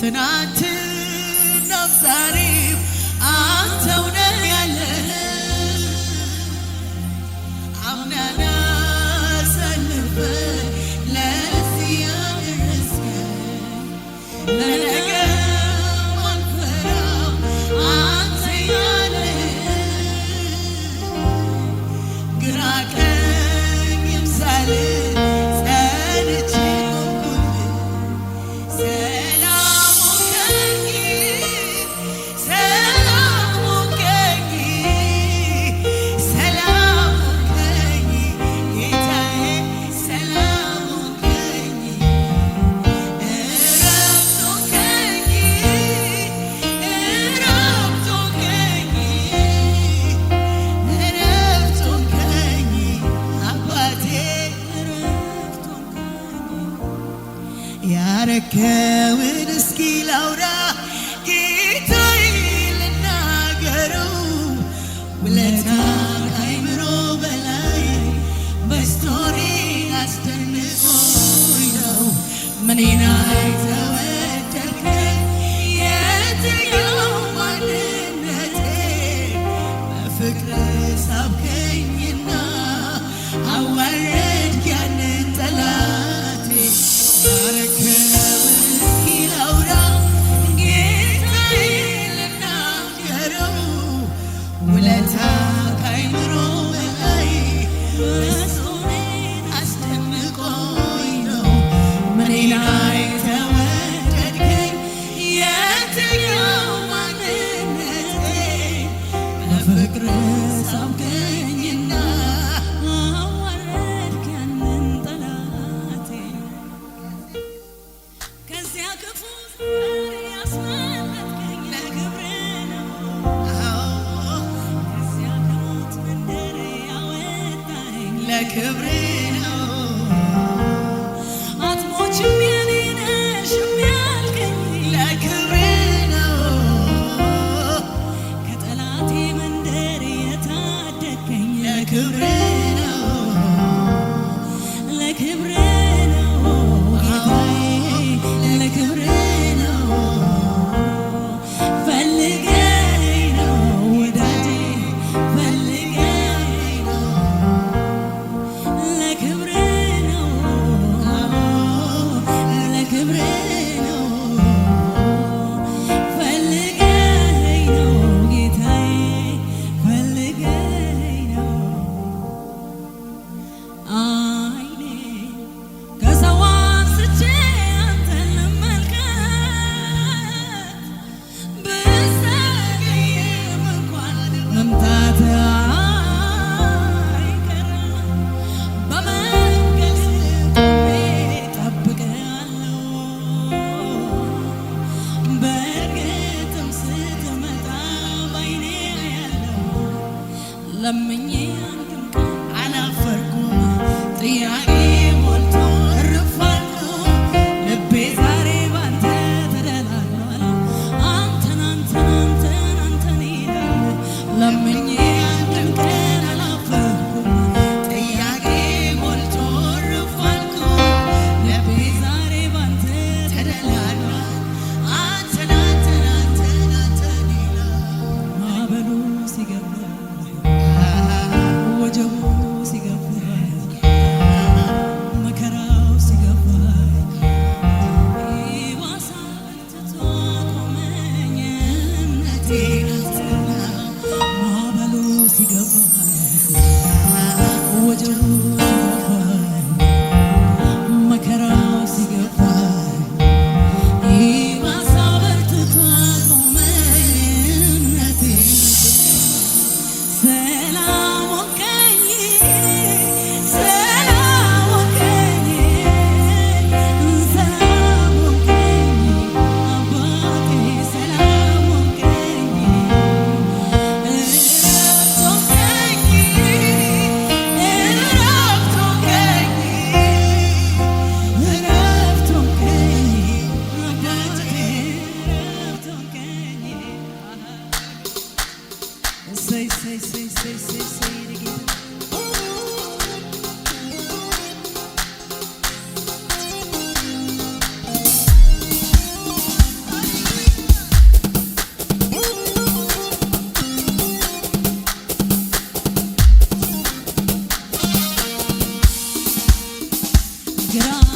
ትናንትና ዛሬ Get up.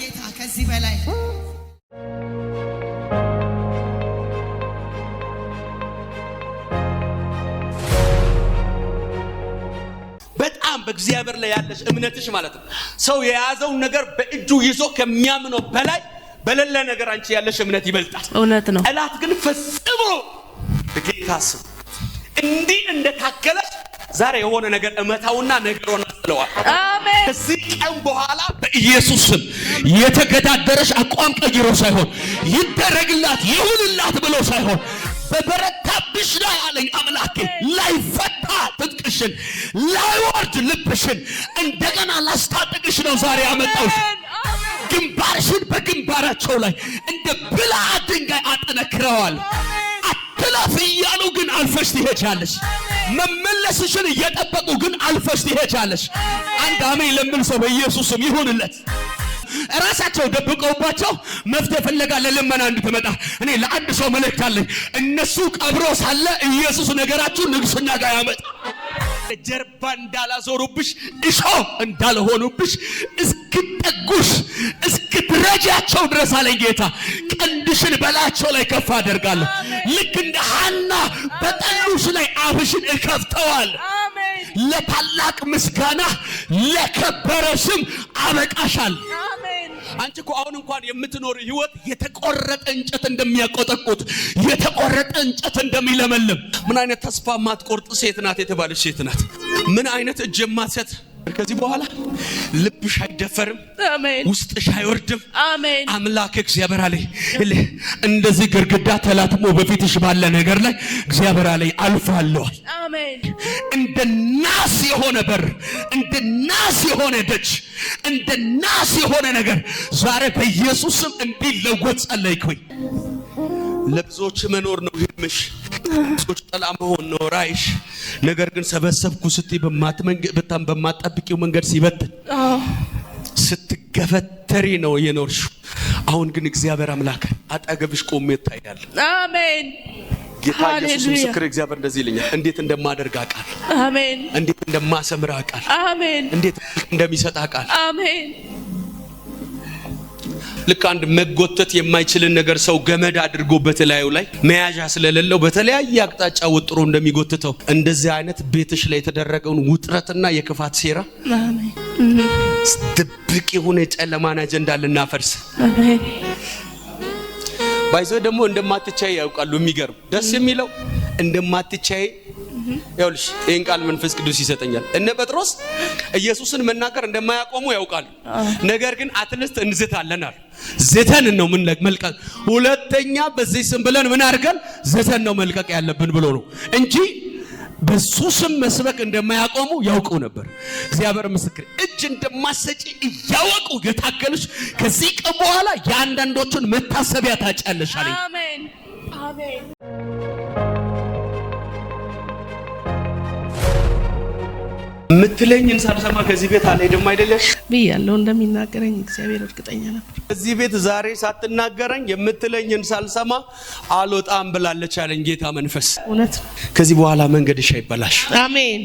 ጌታ ከዚህ በላይ በእግዚአብሔር ላይ ያለሽ እምነትሽ ማለት ነው። ሰው የያዘውን ነገር በእጁ ይዞ ከሚያምነው በላይ በሌለ ነገር አንቺ ያለሽ እምነት ይበልጣል። እውነት ነው። ጠላት ግን ፈጽሞ በጌታ ስም እንዲህ ዛሬ የሆነ ነገር እመታውና ነገሮና ይለዋል። ከዚህ ቀን በኋላ በኢየሱስ ስም የተገዳደረሽ አቋም ቀይሮ ሳይሆን ይደረግላት ይሁንላት ብሎ ሳይሆን በበረታብሽ ላይ አለኝ አምላኬ ላይፈታ ትጥቅሽን ላይወርድ ልብሽን እንደገና ላስታጥቅሽ ነው ዛሬ ያመጣው። ግንባርሽን በግንባራቸው ላይ እንደ ብልሃት ድንጋይ አጠነክረዋል። አትለፍ እያሉ ግን አልፈሽ ትሄጃለሽ። መመለስሽን እየጠበቁ ግን አልፈሽ ትሄጃለሽ። አንድ አሜን ለምን ሰው በኢየሱስም ይሁንለት። ራሳቸው ደብቀውባቸው መፍትሄ ፍለጋ ለልመና እንድትመጣ እኔ ለአንድ ሰው መልእክት አለኝ። እነሱ ቀብሮ ሳለ ኢየሱስ ነገራችሁን ንግስና ጋር ያመጣ ጀርባ እንዳላዞሩብሽ፣ እሾ እንዳልሆኑብሽ እስክጠጉሽ ደጃቸው ድረስ አለኝ ጌታ። ቀንድሽን በላያቸው ላይ ከፍ አደርጋለሁ። ልክ እንደ ሐና በጠሉሽ ላይ አፍሽን እከፍተዋል። ለታላቅ ምስጋና ለከበረ ስም አበቃሻል። አንቺ እኮ አሁን እንኳን የምትኖር ህይወት የተቆረጠ እንጨት እንደሚያቆጠቁት የተቆረጠ እንጨት እንደሚለመልም ምን አይነት ተስፋ ማትቆርጥ ሴት ናት የተባለች ሴት ናት። ምን አይነት እጅ የማትሰጥ ከዚህ በኋላ ልብሽ አይደፈርም፣ ውስጥሽ አይወርድም። አምላክ እግዚአብሔር አለ እንደዚህ ግርግዳ ተላትሞ በፊትሽ ባለ ነገር ላይ እግዚአብሔር አለ አልፋለዋል። እንደ ናስ የሆነ በር፣ እንደ ናስ የሆነ ደጅ፣ እንደ ናስ የሆነ ነገር ዛሬ በኢየሱስም እንዲለወጥ ጸለይኩኝ። ለብዙዎች መኖር ነው ህልምሽ። ሶች ጠላ መሆን ነው ራይሽ። ነገር ግን ሰበሰብኩ ስትይ በጣም መንገድ ሲበትን ስትገፈተሪ ነው የኖርሽው። አሁን ግን እግዚአብሔር አምላክ አጠገብሽ ቆሜ እታያለሁ። አሜን። ጌታ ኢየሱስ ምስክር እግዚአብሔር እንደዚህ ይለኛል፣ እንዴት እንደማደርግ አውቃለሁ። አሜን። እንዴት እንደማሰምር አውቃለሁ። አሜን። እንዴት እንደሚሰጥ አውቃለሁ። አሜን። ልክ አንድ መጎተት የማይችልን ነገር ሰው ገመድ አድርጎ በተለያዩ ላይ መያዣ ስለሌለው በተለያየ አቅጣጫ ወጥሮ እንደሚጎትተው እንደዚህ አይነት ቤትሽ ላይ የተደረገውን ውጥረትና የክፋት ሴራ ድብቅ የሆነ የጨለማን አጀንዳ ልናፈርስ ባይዘ ደግሞ እንደማትቻይ ያውቃሉ። የሚገርም ደስ የሚለው እንደማትቻይ ይኸውልሽ ይህን ቃል መንፈስ ቅዱስ ይሰጠኛል። እነ ጴጥሮስ ኢየሱስን መናገር እንደማያቆሙ ያውቃሉ። ነገር ግን አትልስት እንዝታለን አሉ። ዝተን ነው ምን መልቀቅ ሁለተኛ በዚህ ስም ብለን ምን አድርገን ዝተን ነው መልቀቅ ያለብን ብሎ ነው እንጂ በሱ ስም መስበክ እንደማያቆሙ ያውቁ ነበር። እግዚአብሔር ምስክር እጅ እንደማሰጪ እያወቁ የታገልሽ ከዚህ ቀን በኋላ የአንዳንዶቹን መታሰቢያ ታጫለሽ አለኝ። አሜን አሜን። ምትለኝን ሳልሰማ ከዚህ ቤት አልሄድም አይደለሽ ብያለሁ። እንደሚናገረኝ እግዚአብሔር እርግጠኛ ነበር። እዚህ ቤት ዛሬ ሳትናገረኝ የምትለኝን ሳልሰማ አልወጣም ብላለች አለኝ ጌታ መንፈስ። እውነት ከዚህ በኋላ መንገድሽ አይበላሽ። አሜን።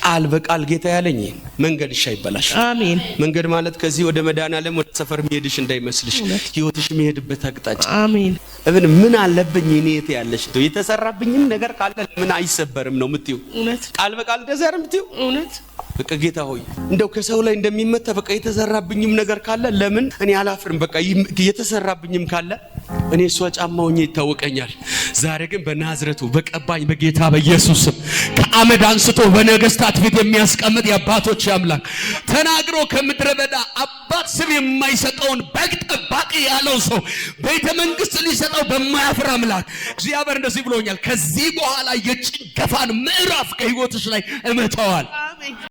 ቃል በቃል ጌታ ያለኝ መንገድሽ አይበላሽ። አሜን። መንገድ ማለት ከዚህ ወደ መድኃኔዓለም ወደ ሰፈር መሄድሽ እንዳይመስልሽ፣ ህይወትሽ መሄድበት አቅጣጫ። አሜን። እብን ምን አለብኝ እኔ የት ያለሽ የተሰራብኝም ነገር ካለ ለምን አይሰበርም ነው የምትይው። እውነት ቃል በቃል ደዘር የምትይው እውነት በቃ ጌታ ሆይ እንደው ከሰው ላይ እንደሚመታ በቃ የተሰራብኝም ነገር ካለ ለምን እኔ አላፍርም። በቃ የተሰራብኝም ካለ እኔ እሷ ጫማ ሆኜ ይታወቀኛል። ዛሬ ግን በናዝረቱ በቀባኝ በጌታ በኢየሱስም ከአመድ አንስቶ በነገስታት ፊት የሚያስቀምጥ የአባቶች አምላክ ተናግሮ ከምድረ በዳ አባት ስም የማይሰጠውን በግ ጠባቂ ያለው ሰው ቤተ መንግስት ሊሰጠው በማያፍር አምላክ እግዚአብሔር እንደዚህ ብሎኛል። ከዚህ በኋላ የጭንገፋን ምዕራፍ ከህይወትሽ ላይ እመተዋል።